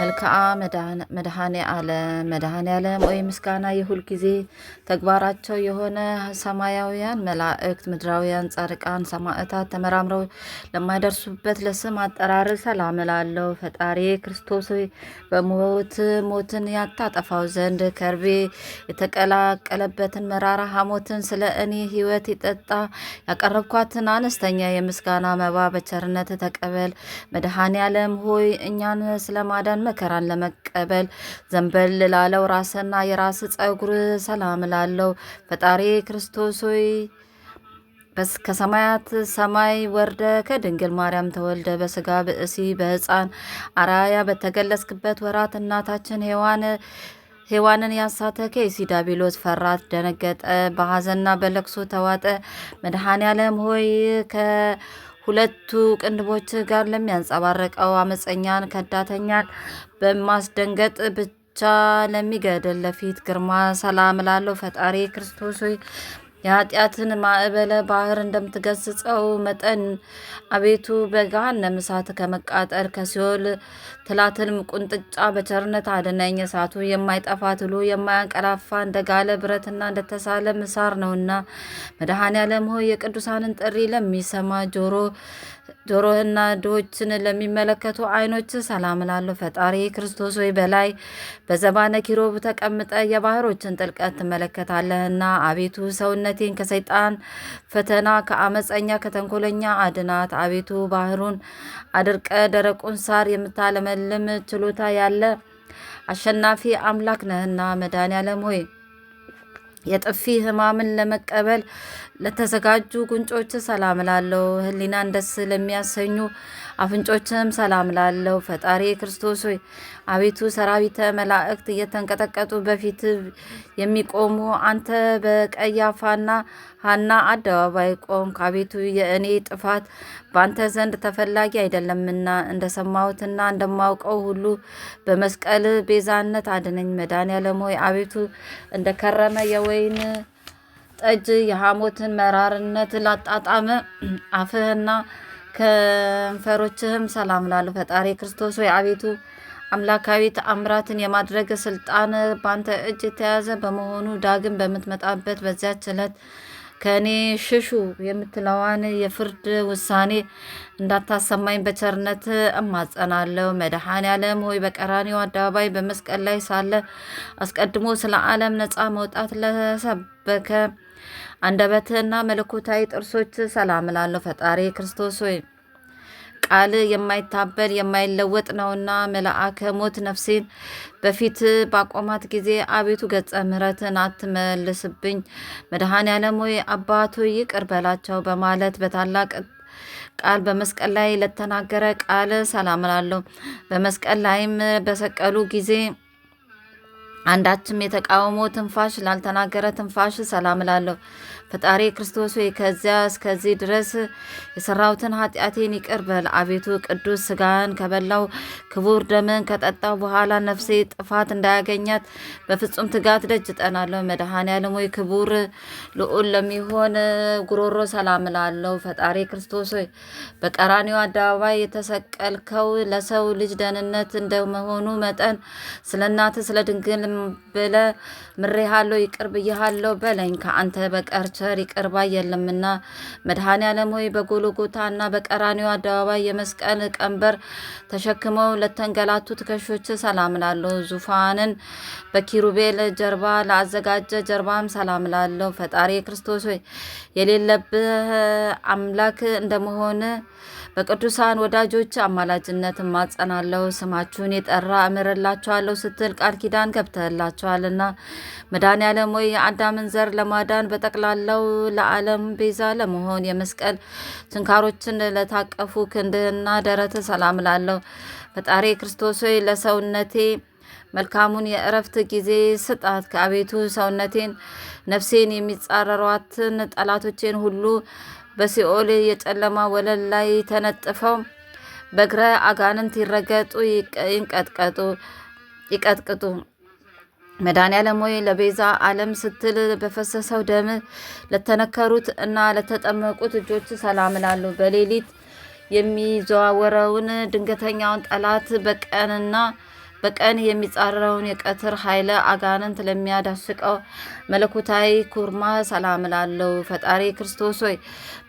መልክዓ መድኃኔ ዓለም መድኃኔ ዓለም ወይ ምስጋና የሁል ጊዜ ተግባራቸው የሆነ ሰማያውያን መላእክት፣ ምድራውያን ጻድቃን፣ ሰማዕታት ተመራምረው ለማይደርሱበት ለስም አጠራር ሰላም እላለሁ። ፈጣሪ ክርስቶስ በሞት ሞትን ያታጠፋው ዘንድ ከርቤ የተቀላቀለበትን መራራ ሐሞትን ስለ እኔ ሕይወት ይጠጣ ያቀረብኳትን አነስተኛ የምስጋና መባ በቸርነት ተቀበል። መድኃኔ ዓለም ሆይ እኛን ስለማዳን መከራን ለመቀበል ዘንበል ላለው ራስና የራስ ጸጉር ሰላም ላለው ፈጣሪ ክርስቶስ ሆይ ከሰማያት ሰማይ ወርደ ከድንግል ማርያም ተወልደ በስጋ ብእሲ በህፃን አራያ በተገለጽክበት ወራት እናታችን ሔዋን ሔዋንን ያሳተ ከይሲ ዳቢሎስ ፈራት፣ ደነገጠ፣ በሐዘንና በለቅሶ ተዋጠ። መድኃኔ ዓለም ሆይ ሁለቱ ቅንድቦች ጋር ለሚያንጸባረቀው አመፀኛን ከዳተኛን በማስደንገጥ ብቻ ለሚገድል ለፊት ግርማ ሰላም ላለው ፈጣሪ ክርስቶስ የኃጢአትን ማዕበለ ባህር እንደምትገስጸው መጠን አቤቱ በገሃነመ እሳት ከመቃጠል ከሲኦል ትላትልም ቁንጥጫ በቸርነት አድነኝ። እሳቱ የማይጠፋ ትሉ የማያንቀላፋ እንደ ጋለ ብረትና እንደተሳለ ምሳር ነውና። መድኃኔ ዓለም ሆይ የቅዱሳንን ጥሪ ለሚሰማ ጆሮ ጆሮህና ዶችን ለሚመለከቱ አይኖች ሰላም እላለሁ። ፈጣሪ ክርስቶስ ወይ በላይ በዘባነ ኪሮብ ተቀምጠ የባህሮችን ጥልቀት ትመለከታለህና አቤቱ ሰውነቴን ከሰይጣን ፈተና ከአመፀኛ ከተንኮለኛ አድናት። አቤቱ ባህሩን አድርቀ ደረቁን ሳር የምታለመልም ችሎታ ያለ አሸናፊ አምላክ ነህና መድኃኔ ዓለም ሆይ የጥፊ ህማምን ለመቀበል ለተዘጋጁ ጉንጮች ሰላም ላለው ህሊናን ደስ ለሚያሰኙ አፍንጮችም ሰላም ላለው ፈጣሪ ክርስቶስ ሆይ አቤቱ ሰራዊተ መላእክት እየተንቀጠቀጡ በፊት የሚቆሙ አንተ በቀያፋና ሀና አደባባይ ቆምክ። አቤቱ የእኔ ጥፋት በአንተ ዘንድ ተፈላጊ አይደለምና እንደሰማሁትና እንደማውቀው ሁሉ በመስቀል ቤዛነት አድነኝ። መድኃኔዓለም ሆይ አቤቱ እንደከረመ የወይን ጠጅ የሐሞትን መራርነት ላጣጣመ አፍህና ከንፈሮችህም ሰላም ላሉ ፈጣሪ ክርስቶስ ወይ አቤቱ አምላካዊ ተአምራትን የማድረግ ስልጣን በአንተ እጅ የተያዘ በመሆኑ ዳግም በምትመጣበት በዚያች ዕለት ከእኔ ሽሹ የምትለዋን የፍርድ ውሳኔ እንዳታሰማኝ በቸርነት እማጸናለሁ። መድኃኔ ዓለም ሆይ በቀራኒው አደባባይ በመስቀል ላይ ሳለ አስቀድሞ ስለ ዓለም ነፃ መውጣት ለሰበከ አንደበትህና መለኮታዊ ጥርሶች ሰላም እላለሁ። ፈጣሪ ክርስቶስ ሆይ ቃል የማይታበል የማይለወጥ ነውና መልአከ ሞት ነፍሴን በፊት ባቆማት ጊዜ አቤቱ ገጸ ምሕረትን አትመልስብኝ፣ መድኃኔዓለም ሆይ አባቶ ይቅር በላቸው በማለት በታላቅ ቃል በመስቀል ላይ ለተናገረ ቃል ሰላም እላለሁ። በመስቀል ላይም በሰቀሉ ጊዜ አንዳችም የተቃውሞ ትንፋሽ ላልተናገረ ትንፋሽ ሰላም እላለሁ። ፈጣሪ ክርስቶስ ሆይ ከዚያ እስከዚህ ድረስ የሰራሁትን ኃጢአቴን ይቅር በል። አቤቱ ቅዱስ ስጋን ከበላው ክቡር ደምን ከጠጣው በኋላ ነፍሴ ጥፋት እንዳያገኛት በፍጹም ትጋት ደጅ መድሃን መድኃኔዓለም ሆይ ክቡር ልዑል ለሚሆን ጉሮሮ ሰላም ላለው። ፈጣሪ ክርስቶስ ሆይ በቀራኒው አደባባይ የተሰቀልከው ለሰው ልጅ ደህንነት እንደመሆኑ መጠን ስለ እናት ስለ ድንግል ብለ ምሬሃለሁ፣ ይቅር ብያሃለሁ በለኝ ከአንተ በቀር ቸር ይቅር ባይ የለምና መድኃኔ ዓለም ሆይ በጎልጎታና በቀራኒው አደባባይ የመስቀል ቀንበር ተሸክመው ለተንገላቱ ትከሾች ሰላም ላለሁ። ዙፋንን በኪሩቤል ጀርባ ለአዘጋጀ ጀርባም ሰላም ላለሁ። ፈጣሪ ክርስቶስ ሆይ የሌለብህ አምላክ እንደመሆን በቅዱሳን ወዳጆች አማላጅነት ማጸናለሁ፣ ስማችሁን የጠራ እምርላችኋለሁ ስትል ቃል ኪዳን ገብተህላችኋልና መድኃኔዓለም ወይ የአዳምን ዘር ለማዳን በጠቅላላው ለዓለም ቤዛ ለመሆን የመስቀል ችንካሮችን ለታቀፉ ክንድህና ደረት ሰላም ላለሁ ፈጣሪ ክርስቶስ ሆይ ለሰውነቴ መልካሙን የእረፍት ጊዜ ስጣት። ከአቤቱ ሰውነቴን ነፍሴን የሚጻረሯትን ጠላቶቼን ሁሉ በሲኦል የጨለማ ወለል ላይ ተነጥፈው በእግረ አጋንንት ይረገጡ ይንቀጥቀጡ ይቀጥቅጡ። መድኃኔዓለም ሆይ ለቤዛ ዓለም ስትል በፈሰሰው ደም ለተነከሩት እና ለተጠመቁት እጆች ሰላም እላለሁ። በሌሊት የሚዘዋወረውን ድንገተኛውን ጠላት በቀንና በቀን የሚጻረውን የቀትር ኃይለ አጋንንት ለሚያዳስቀው መለኮታዊ ኩርማ ሰላም ላለው ፈጣሪ ክርስቶስ ሆይ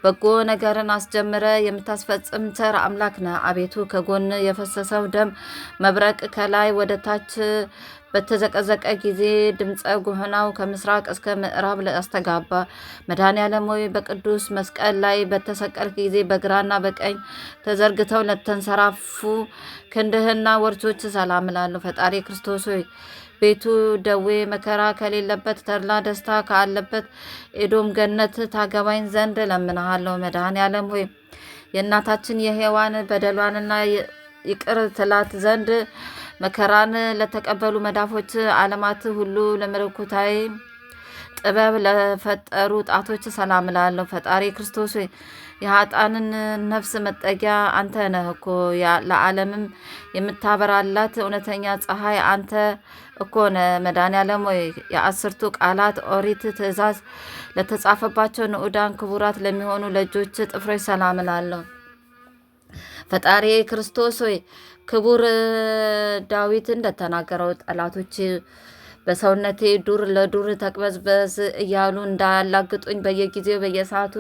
በጎ ነገርን አስጀምረ የምታስፈጽም ቸር አምላክ ነ። አቤቱ ከጎን የፈሰሰው ደም መብረቅ ከላይ ወደ ታች በተዘቀዘቀ ጊዜ ድምፀ ጉህናው ከምስራቅ እስከ ምዕራብ አስተጋባ። መድኃኔ ዓለም ሆይ በቅዱስ መስቀል ላይ በተሰቀልክ ጊዜ በግራና በቀኝ ተዘርግተው ለተንሰራፉ ክንድህና ወርቾች ሰላም እላለሁ። ፈጣሪ ክርስቶስ ሆይ ቤቱ ደዌ መከራ ከሌለበት ተድላ ደስታ ካለበት ኤዶም ገነት ታገባኝ ዘንድ እለምንሃለሁ። መድኃኔ ሆይ የእናታችን የሔዋን በደሏንና ይቅር ትላት ዘንድ መከራን ለተቀበሉ መዳፎች ዓለማት ሁሉ ለመለኮታዊ ጥበብ ለፈጠሩ ጣቶች ሰላም እላለሁ። ፈጣሪ ክርስቶስ የሀጣንን ነፍስ መጠጊያ አንተ ነህ እኮ ለዓለምም የምታበራላት እውነተኛ ፀሐይ አንተ እኮ ነህ። መድኃኔዓለም ወይ የአስርቱ ቃላት ኦሪት ትእዛዝ ለተጻፈባቸው ንዑዳን ክቡራት ለሚሆኑ ለእጆች ጥፍሮች ሰላም እላለሁ። ፈጣሪ ክርስቶስ ወይ ክቡር ዳዊት እንደተናገረው ጠላቶች በሰውነቴ ዱር ለዱር ተቅበዝበዝ እያሉ እንዳላግጡኝ በየጊዜው በየሰዓቱ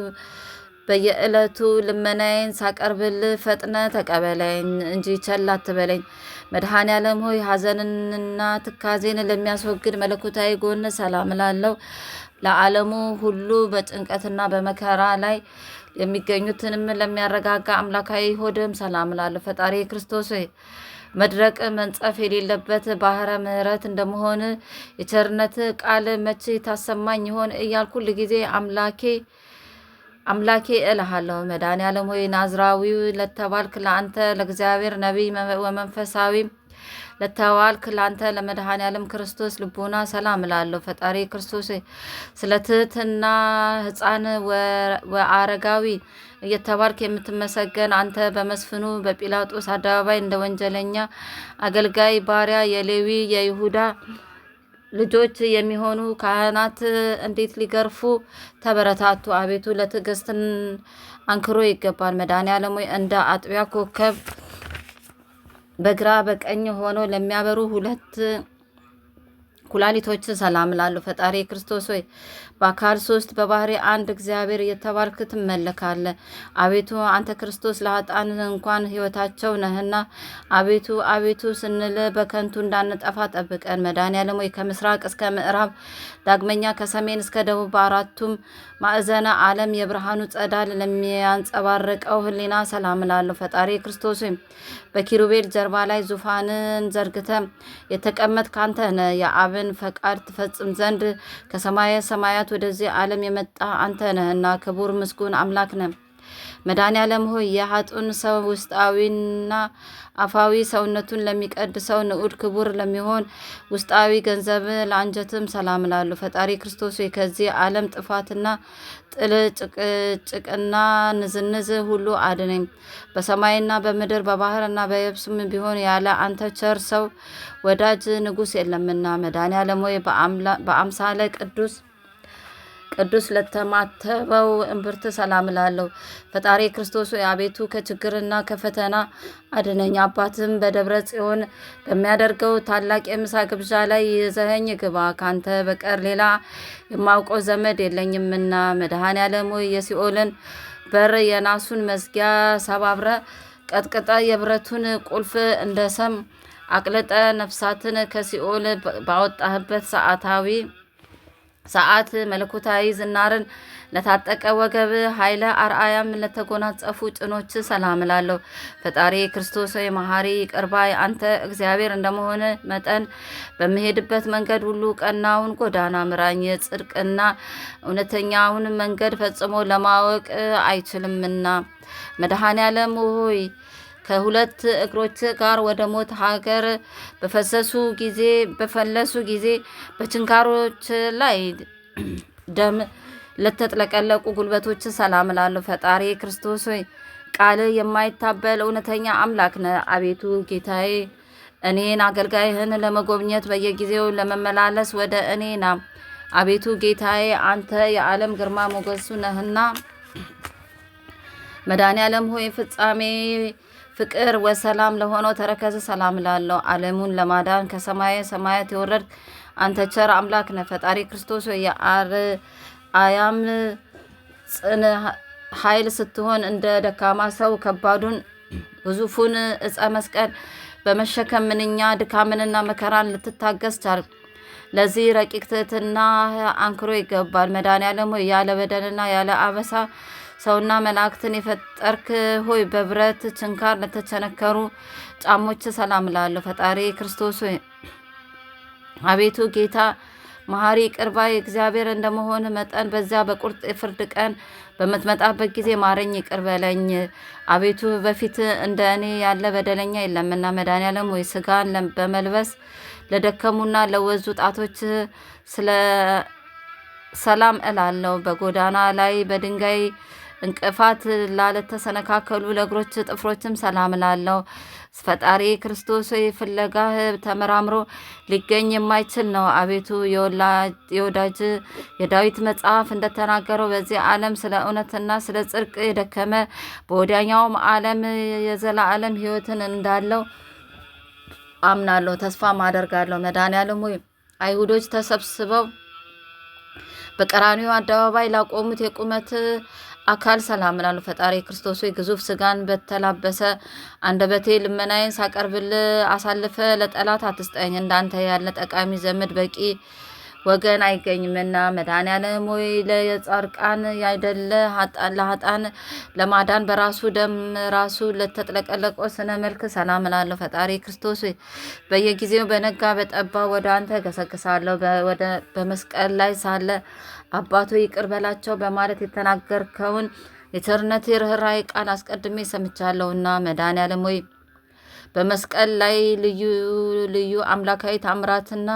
በየዕለቱ ልመናዬን ሳቀርብል ፈጥነ ተቀበለኝ እንጂ ቸል አትበለኝ። መድኃኔ ዓለም ሆይ ሐዘንንና ትካዜን ለሚያስወግድ መለኮታዊ ጎን ሰላም ላለው ለዓለሙ ሁሉ በጭንቀትና በመከራ ላይ የሚገኙትንም ለሚያረጋጋ አምላካዊ ሆድም ሰላም እላለሁ። ፈጣሪ ክርስቶስ መድረቅ መንጸፍ የሌለበት ባህረ ምሕረት እንደመሆን የቸርነት ቃል መቼ ታሰማኝ ይሆን እያልኩ ሁል ጊዜ አምላኬ አምላኬ እልሃለሁ። መድኃኔ ዓለም ሆይ ናዝራዊው ለተባልክ ለአንተ ለእግዚአብሔር ነቢይ ወመንፈሳዊም ለተዋልክ ላንተ ለመድኃኔ ዓለም ክርስቶስ ልቦና ሰላም እላለሁ። ፈጣሪ ክርስቶስ ስለ ትህትና ሕፃን ወአረጋዊ እየተባልክ የምትመሰገን አንተ በመስፍኑ በጲላጦስ አደባባይ እንደ ወንጀለኛ አገልጋይ ባሪያ የሌዊ የይሁዳ ልጆች የሚሆኑ ካህናት እንዴት ሊገርፉ ተበረታቱ? አቤቱ ለትዕግስትን አንክሮ ይገባል። መድኃኔ ዓለም እንደ አጥቢያ ኮከብ በግራ በቀኝ ሆነው ለሚያበሩ ሁለት ኩላሊቶች ሰላም ላሉ ፈጣሪ ክርስቶስ ሆይ በአካል ሶስት በባህሪ አንድ እግዚአብሔር እየተባርክ ትመለካለ። አቤቱ አንተ ክርስቶስ ለአጣን እንኳን ህይወታቸው ነህና አቤቱ አቤቱ ስንል በከንቱ እንዳንጠፋ ጠብቀን። መድኃኒዓለም ሆይ ከምስራቅ እስከ ምዕራብ ዳግመኛ ከሰሜን እስከ ደቡብ በአራቱም ማዕዘነ ዓለም የብርሃኑ ጸዳል ለሚያንጸባርቀው ህሊና ሰላም ላለሁ ፈጣሪ ክርስቶስ ሆይ በኪሩቤል ጀርባ ላይ ዙፋንን ዘርግተ የተቀመጥ ካንተ ነ የአብን አብን ፈቃድ ትፈጽም ዘንድ ከሰማየ ሰማያት ወደዚህ ዓለም የመጣ አንተ ነህና ክቡር ምስጉን አምላክ ነህ። መድኃኔዓለም ሆይ የሀጡን ሰው ውስጣዊና አፋዊ ሰውነቱን ለሚቀድሰው ንዑድ ክቡር ለሚሆን ውስጣዊ ገንዘብ ለአንጀትም ሰላም ላሉ ፈጣሪ ክርስቶስ ከዚህ ዓለም ጥፋትና ጥል ጭቅጭቅና ንዝንዝ ሁሉ አድነኝ። በሰማይና በምድር በባህርና በየብስም ቢሆን ያለ አንተ ቸር ሰው ወዳጅ ንጉሥ የለምና መድኃኔዓለም ሆይ በአምሳለ ቅዱስ ቅዱስ ለተማተበው እምብርት ሰላም እላለሁ። ፈጣሪ ክርስቶስ አቤቱ ከችግርና ከፈተና አድነኝ። አባትም በደብረ ጽዮን በሚያደርገው ታላቅ የምሳ ግብዣ ላይ ይዘኸኝ ግባ። ካንተ በቀር ሌላ የማውቀው ዘመድ የለኝምና መድሃን ዓለም የሲኦልን በር የናሱን መዝጊያ ሰባብረ ቀጥቅጠ የብረቱን ቁልፍ እንደ ሰም አቅልጠ ነፍሳትን ከሲኦል ባወጣህበት ሰዓታዊ ሰዓት መለኮታዊ ዝናርን ለታጠቀ ወገብ ኃይለ አርአያም ለተጎናጸፉ ጭኖች ሰላም እላለሁ። ፈጣሪ ክርስቶስ ሆይ መሐሪ ቅርባይ አንተ እግዚአብሔር እንደመሆነ መጠን በምሄድበት መንገድ ሁሉ ቀናውን ጎዳና ምራኝ። ጽድቅና እውነተኛውን መንገድ ፈጽሞ ለማወቅ አይችልምና መድኃኔ ዓለም ሆይ ከሁለት እግሮች ጋር ወደ ሞት ሀገር በፈሰሱ ጊዜ በፈለሱ ጊዜ በችንካሮች ላይ ደም ለተጥለቀለቁ ጉልበቶች ሰላም እላለሁ። ፈጣሪ ክርስቶስ ሆይ ቃል የማይታበል እውነተኛ አምላክ ነ አቤቱ ጌታዬ እኔን አገልጋይህን ለመጎብኘት በየጊዜው ለመመላለስ ወደ እኔ ና። አቤቱ ጌታዬ አንተ የዓለም ግርማ ሞገሱ ነህና መድኃኔ ዓለም ሆይ ፍጻሜ ፍቅር ወሰላም ለሆነው ተረከዝ ሰላም ላለው ዓለሙን ለማዳን ከሰማየ ሰማያት የወረድ አንተ ቸር አምላክ ነህ። ፈጣሪ ክርስቶስ የአርአያም ጽን ኃይል ስትሆን እንደ ደካማ ሰው ከባዱን ግዙፉን እፀ መስቀል በመሸከም ምንኛ ድካምንና መከራን ልትታገስ ቻል። ለዚህ ረቂቅ አንክሮ ይገባል። መድኃኔዓለም ያለ በደልና ያለ አበሳ ሰውና መላእክትን የፈጠርክ ሆይ በብረት ችንካር ለተቸነከሩ ጫሞች ሰላም እላለሁ። ፈጣሪ ክርስቶስ ሆይ አቤቱ ጌታ መሐሪ ቅርባይ እግዚአብሔር እንደመሆን መጠን በዚያ በቁርጥ ፍርድ ቀን በምትመጣበት ጊዜ ማረኝ ይቅር በለኝ። አቤቱ በፊት እንደ እኔ ያለ በደለኛ የለምና መድኃኔዓለም ወይ ስጋን በመልበስ ለደከሙና ለወዙ ጣቶች ስለ ሰላም እላለሁ። በጎዳና ላይ በድንጋይ እንቅፋት ላለተሰነካከሉ ለእግሮች ጥፍሮችም ሰላም ላለው ፈጣሪ ክርስቶስ ፍለጋህ ተመራምሮ ሊገኝ የማይችል ነው። አቤቱ የወዳጅ የዳዊት መጽሐፍ እንደተናገረው በዚህ ዓለም ስለ እውነትና ስለ ጽድቅ የደከመ በወዲያኛውም ዓለም የዘላለም ሕይወትን እንዳለው አምናለሁ፣ ተስፋም አደርጋለሁ። መድኃኔዓለም ሆይ አይሁዶች ተሰብስበው በቀራኒው አደባባይ ላቆሙት የቁመት አካል ሰላም ላሉ ፈጣሪ ክርስቶስ ሆይ ግዙፍ ስጋን በተላበሰ አንደበቴ ልመናዬን ሳቀርብል አሳልፈ ለጠላት አትስጠኝ። እንዳንተ ያለ ጠቃሚ ዘመድ በቂ ወገን አይገኝምና መድኃኔዓለም ሆይ ለጻድቃን ያይደለ ለሀጣን ለማዳን በራሱ ደም ራሱ ለተጥለቀለቆ ስነ መልክ ሰላም እላለሁ። ፈጣሪ ክርስቶስ በየጊዜው በነጋ በጠባ ወደ አንተ ገሰግሳለሁ። በመስቀል ላይ ሳለ አባቶ ይቅር በላቸው በማለት የተናገርከውን የቸርነት የርኅራይ ቃል አስቀድሜ ሰምቻለሁና መድኃኔ ዓለም ሆይ በመስቀል ላይ ልዩ ልዩ አምላካዊ ታምራትና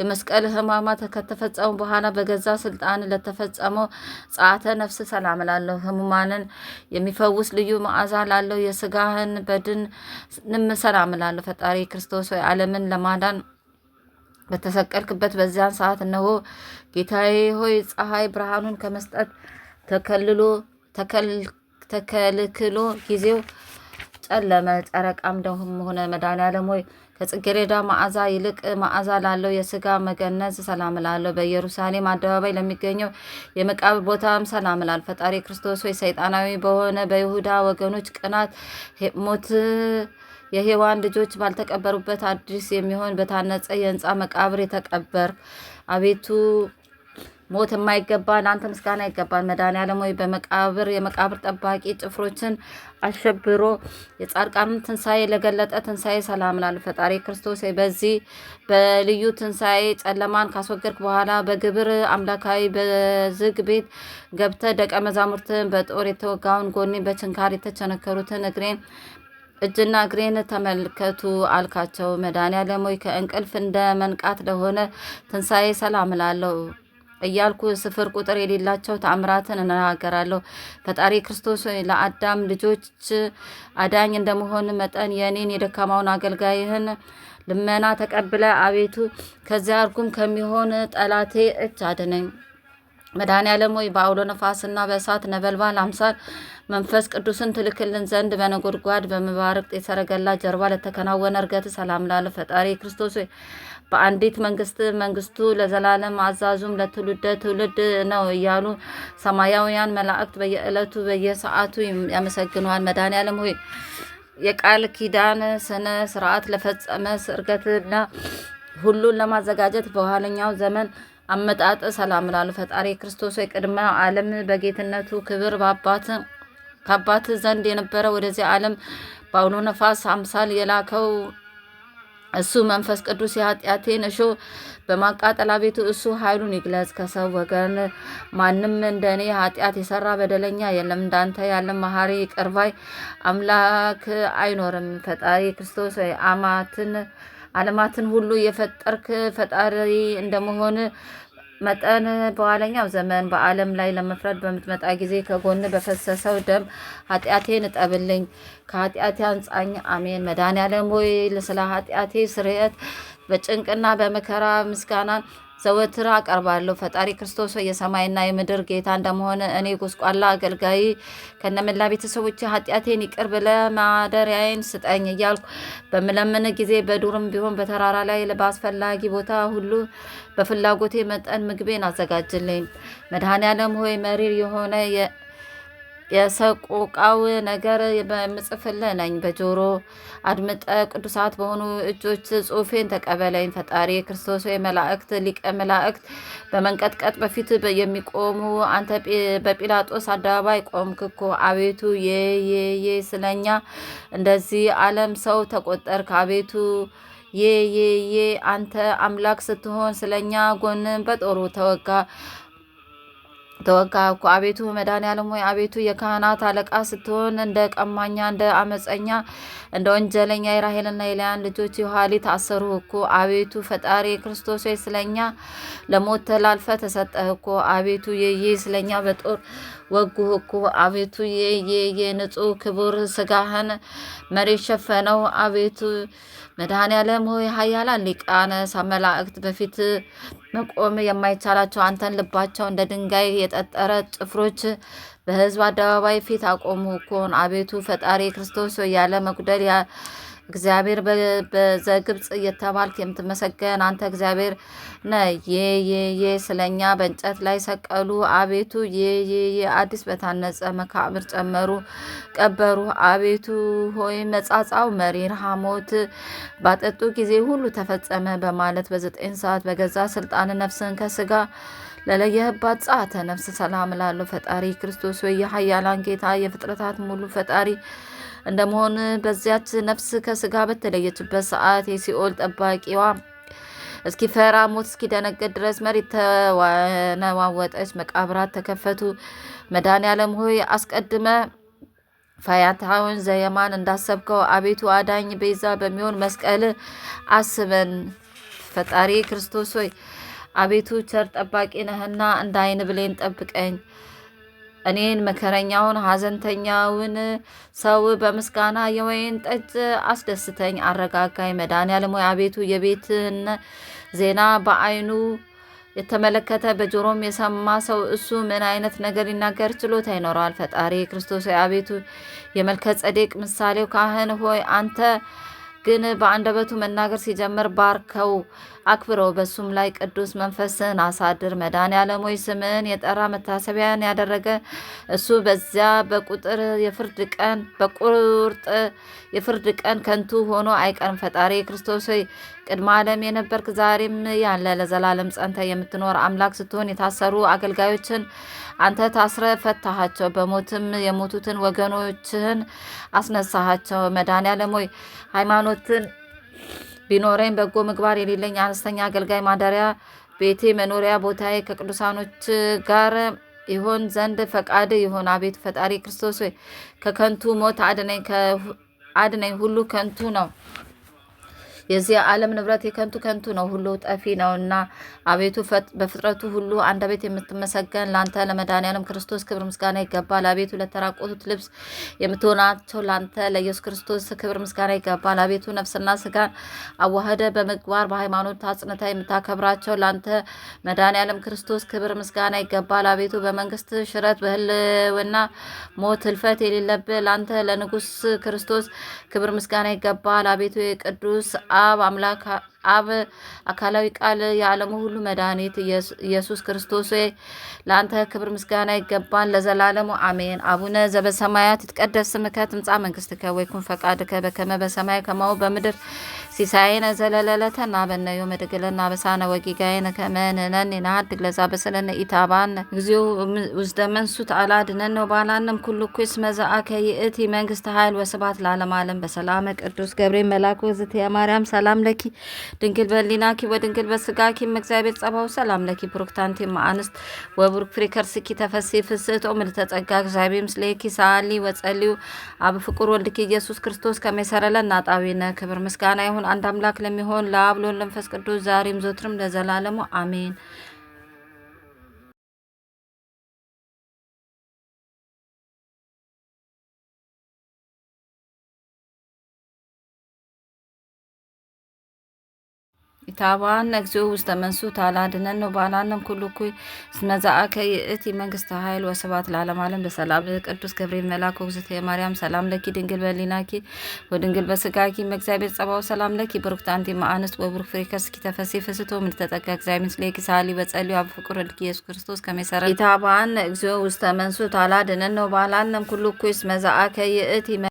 የመስቀል ሕማማት ከተፈጸሙ በኋላ በገዛ ስልጣን ለተፈጸመው ጸአተ ነፍስ ሰላም ላለሁ ሕሙማንን የሚፈውስ ልዩ መዓዛ ላለው የስጋህን በድን ንም ሰላም ላለሁ ፈጣሪ ክርስቶስ ወይ ዓለምን ለማዳን በተሰቀልክበት በዚያን ሰዓት እነሆ ጌታዬ ሆይ ፀሐይ ብርሃኑን ከመስጠት ተከልሎ ተከልክሎ ጊዜው ጨለመ። ጨረቃም ደም ሆነ። መድኃኔዓለም ሆይ ከጽጌረዳ መዓዛ ይልቅ መዓዛ ላለው የስጋ መገነዝ ሰላም እላለሁ። በኢየሩሳሌም አደባባይ ለሚገኘው የመቃብር ቦታም ሰላም እላል። ፈጣሪ ክርስቶስ ወይ ሰይጣናዊ በሆነ በይሁዳ ወገኖች ቅናት ሞት የሔዋን ልጆች ባልተቀበሩበት አዲስ የሚሆን በታነጸ የህንፃ መቃብር የተቀበር አቤቱ ሞት የማይገባ አንተ ምስጋና ይገባል። መድኃኔዓለም ሆይ በመቃብር የመቃብር ጠባቂ ጭፍሮችን አሸብሮ የጻድቃኑን ትንሣኤ ለገለጠ ትንሣኤ ሰላም ላል ፈጣሪ ክርስቶስ በዚህ በልዩ ትንሣኤ ጨለማን ካስወገድክ በኋላ በግብር አምላካዊ በዝግ ቤት ገብተ ደቀ መዛሙርትን በጦር የተወጋውን ጎኔን በችንካር የተቸነከሩትን እግሬን እጅና እግሬን ተመልከቱ አልካቸው። መድኃኔዓለም ሆይ ከእንቅልፍ እንደ መንቃት ለሆነ ትንሣኤ ሰላም ላለው። እያልኩ ስፍር ቁጥር የሌላቸው ተአምራትን እናገራለሁ። ፈጣሪ ክርስቶስ ለአዳም ልጆች አዳኝ እንደመሆን መጠን የእኔን የደካማውን አገልጋይህን ልመና ተቀብለ አቤቱ ከዚያ ርጉም ከሚሆን ጠላቴ እጅ አድነኝ። መድኃኔ ሆይ በአውሎ ነፋስና በእሳት ነበልባል አምሳል መንፈስ ቅዱስን ትልክልን ዘንድ በነጎድጓድ በመባረቅ የሰረገላ ጀርባ ለተከናወነ እርገት ሰላም ላለ ፈጣሪ ክርስቶስ በአንዲት መንግስት መንግስቱ ለዘላለም አዛዙም ለትውልደ ትውልድ ነው እያሉ ሰማያውያን መላእክት በየዕለቱ በየሰዓቱ ያመሰግነዋል። መድኃኔዓለም ሆይ የቃል ኪዳን ስነ ስርዓት ለፈጸመ ስርገትና ሁሉን ለማዘጋጀት በኋለኛው ዘመን አመጣጥ ሰላም ላሉ ፈጣሪ ክርስቶስ ቅድመ ዓለም በጌትነቱ ክብር በአባት ከአባት ዘንድ የነበረ ወደዚህ ዓለም በአውሎ ነፋስ አምሳል የላከው እሱ መንፈስ ቅዱስ የኃጢአቴን እሾህ በማቃጠላ ቤቱ እሱ ኃይሉን ይግለጽ። ከሰው ወገን ማንም እንደ እኔ ኃጢአት የሰራ በደለኛ የለም። እንዳንተ ያለ መሐሪ ቅርባይ አምላክ አይኖርም። ፈጣሪ ክርስቶስ አማትን ዓለማትን ሁሉ የፈጠርክ ፈጣሪ እንደመሆን መጠን በኋለኛው ዘመን በዓለም ላይ ለመፍረድ በምትመጣ ጊዜ ከጎን በፈሰሰው ደም ኃጢአቴን እጠብልኝ፣ ከኃጢአቴ አንጻኝ። አሜን። መድኃኔዓለም ሆይ ስለ ኃጢአቴ ስርየት በጭንቅና በመከራ ምስጋናን ዘወትር አቀርባለሁ። ፈጣሪ ክርስቶስ የሰማይና የምድር ጌታ እንደመሆነ እኔ ጎስቋላ አገልጋይ ከነመላ ቤተሰቦች ኃጢአቴን ይቅር ብለ ማደሪያዬን ስጠኝ እያልኩ በምለምን ጊዜ በዱርም ቢሆን በተራራ ላይ በአስፈላጊ ቦታ ሁሉ በፍላጎቴ መጠን ምግቤን አዘጋጅልኝ። መድኃኔ ዓለም ሆይ መሪር የሆነ የሰቆቃው ነገር በምጽፍል ነኝ። በጆሮ አድምጠ ቅዱሳት በሆኑ እጆች ጽሑፌን ተቀበለኝ። ፈጣሪ ክርስቶስ መላእክት፣ ሊቀ መላእክት በመንቀጥቀጥ በፊት የሚቆሙ አንተ በጲላጦስ አደባባይ ቆምክ እኮ። አቤቱ የየየ ስለኛ እንደዚህ ዓለም ሰው ተቆጠርክ። አቤቱ የየየ አንተ አምላክ ስትሆን ስለኛ ጎንን በጦሩ ተወጋ። ተወጋኩ። አቤቱ መድኃኔዓለም ሆይ አቤቱ የካህናት አለቃ ስትሆን እንደ ቀማኛ፣ እንደ አመፀኛ፣ እንደ ወንጀለኛ የራሄልና የሊያን ልጆች ዮሐሊ ታሰሩ እኮ። አቤቱ ፈጣሪ የክርስቶስ ሆይ ስለኛ ለሞት ተላልፈ ተሰጠህ እኮ። አቤቱ የየ ስለኛ በጦር ወጉህ እኮ። አቤቱ የየ ንጹሕ ክቡር ስጋህን መሬት ሸፈነው። አቤቱ መድኃኔዓለም ሆይ ኃያላን ሊቃነ ሳመላእክት በፊት መቆም የማይቻላቸው አንተን ልባቸው እንደ ድንጋይ የጠጠረ ጭፍሮች በህዝብ አደባባይ ፊት አቆሙ እኮን አቤቱ ፈጣሪ ክርስቶስ ያለ መጉደል እግዚአብሔር በዘግብፅ እየተባልክ የምትመሰገን አንተ እግዚአብሔር ነ የየየ ስለኛ በእንጨት ላይ ሰቀሉ። አቤቱ የየየ አዲስ በታነጸ መቃብር ጨመሩ ቀበሩ። አቤቱ ሆይ መጻጻው መሪር ሐሞት ባጠጡ ጊዜ ሁሉ ተፈጸመ በማለት በዘጠኝ ሰዓት በገዛ ስልጣን ነፍስን ከስጋ ለለየህባት ጻተ ነፍስ ሰላም ላለው ፈጣሪ ክርስቶስ ወይ የሀያላን ጌታ የፍጥረታት ሙሉ ፈጣሪ እንደመሆን በዚያች ነፍስ ከስጋ በተለየችበት ሰዓት የሲኦል ጠባቂዋ እስኪፈራ ሞት እስኪደነግጥ ድረስ መሬት ተነዋወጠች፣ መቃብራት ተከፈቱ። መድኃኔ ዓለም ሆይ አስቀድመ ፈያታውን ዘየማን እንዳሰብከው አቤቱ አዳኝ ቤዛ በሚሆን መስቀል አስበን። ፈጣሪ ክርስቶስ ሆይ አቤቱ ቸር ጠባቂ ነህና እንደ ዓይን ብሌን ጠብቀኝ። እኔን መከረኛውን ሐዘንተኛውን ሰው በምስጋና የወይን ጠጅ አስደስተኝ፣ አረጋጋኝ። መድኃኔዓለም ሆይ አቤቱ የቤትህን ዜና በዓይኑ የተመለከተ በጆሮም የሰማ ሰው እሱ ምን አይነት ነገር ሊናገር ችሎታ ይኖረዋል? ፈጣሪ ክርስቶስ አቤቱ የመልከ ጸዴቅ ምሳሌው ካህን ሆይ አንተ ግን በአንደበቱ መናገር ሲጀምር ባርከው አክብረው በሱም ላይ ቅዱስ መንፈስን አሳድር። መድኃኔዓለም ሆይ ስምን የጠራ መታሰቢያን ያደረገ እሱ በዚያ በቁጥር የፍርድ ቀን በቁርጥ የፍርድ ቀን ከንቱ ሆኖ አይቀርም። ፈጣሪ ክርስቶስ ሆይ ቅድመ ዓለም የነበርክ ዛሬም ያለ ለዘላለም ጸንተ የምትኖር አምላክ ስትሆን የታሰሩ አገልጋዮችን አንተ ታስረ ፈታሃቸው፣ በሞትም የሞቱትን ወገኖችህን አስነሳሃቸው። መድኃኔዓለም ሆይ ሃይማኖትን ቢኖረኝ በጎ ምግባር የሌለኝ አነስተኛ አገልጋይ ማደሪያ ቤቴ መኖሪያ ቦታዬ ከቅዱሳኖች ጋር ይሆን ዘንድ ፈቃድ ይሆን አቤቱ ፈጣሪ ክርስቶስ ሆይ ከከንቱ ሞት አድነኝ። ሁሉ ከንቱ ነው። የዚህ ዓለም ንብረት የከንቱ ከንቱ ነው፣ ሁሉ ጠፊ እና አቤቱ በፍጥረቱ ሁሉ አንድ ቤት የምትመሰገን ለአንተ ለመድኃኔ ክርስቶስ ክብር ምስጋና ይገባል። አቤቱ ለተራቆቱት ልብስ የምትሆናቸው ለአንተ ለኢየሱስ ክርስቶስ ክብር ምስጋና ይገባል። አቤቱ ነፍስና ስጋን አዋህደ በምግባር በሃይማኖት አጽንታ የምታከብራቸው ለአንተ መድኃኔ ክርስቶስ ክብር ምስጋና ይገባል። አቤቱ በመንግስት ሽረት በህልውና ሞት ህልፈት የሌለብህ ለአንተ ለንጉስ ክርስቶስ ክብር ምስጋና ይገባል። አቤቱ የቅዱስ አብ አምላክ አብ አካላዊ ቃል የዓለሙ ሁሉ መድኃኒት ኢየሱስ ክርስቶስ ለአንተ ክብር ምስጋና ይገባን ለዘላለሙ አሜን። አቡነ ዘበሰማያት ይትቀደስ ስምከ ትምጻእ መንግስትከ ወይኩን ፈቃድከ በከመ በሰማይ ከማሁ በምድር ሲሳየነ ዘለለዕለተ ሀበነ ዮም ወኅድግ ለነ አበሳነ ወጌጋየነ ከመ ንሕነኒ ንኅድግ ለዘአበሰለነ ኢታብአነ እግዚኦ ውስተ መንሱት አላድኅነነ ወባልሐነ ኩሉ ኩስ እስመ ዘአከ ይእቲ መንግሥተ ኃይል ወስብሐት ለዓለመ ዓለም። በሰላም ቅዱስ ገብርኤል መልአኩ እግዝእትየ ማርያም ሰላም ለኪ ድንግል በሊናኪ ወድንግል በስጋኪ እግዚአብሔር ጸባው ሰላም ለኪ ፕሮክታንቲ ማአንስት ወብሩክ ፍሪከርስኪ ተፈሲ ፍስህቶ ምልተጸጋ እግዚአብሔር ምስሌኪ ሳሊ ወጸልዩ አብ ፍቁር ወልድኪ ኢየሱስ ክርስቶስ ከመሰረለ እናጣዊነ ክብር ምስጋና ይሁን አንድ አምላክ ለሚሆን ለአብ ለወልድ ለመንፈስ ቅዱስ ዛሬም ዘወትርም ለዘላለሙ አሜን። ኢታባን እግዚኦ ውስተ መንሱ ታላድነን ነው ባላንም ኩሉ ኩ ስመዛአከ ይእቲ መንግስተ ኃይል ወስባት ለዓለም ዓለም በሰላም ቅዱስ ገብርኤል መላክ ወግዝእትየ ማርያም ሰላም ለኪ ድንግል በሊናኪ ወድንግል በስጋኪ መእግዚአብሔር ጸባው ሰላም ለኪ ብሩክት አንቲ እምአንስት ወብሩክ ፍሬ ኪ ተፈሥሒ ፍስቶ ምን እምንተጠጋ እግዚአብሔር ምስሌኪ ሳሊ በጸልዩ አብ ፍቁር እልኪ ኢየሱስ ክርስቶስ ከመሰረ ኢታባን እግዚኦ ውስተ መንሱ ታላድነን ነው ባላንም ኩሉ ኩ ስመዛአከ ይእቲ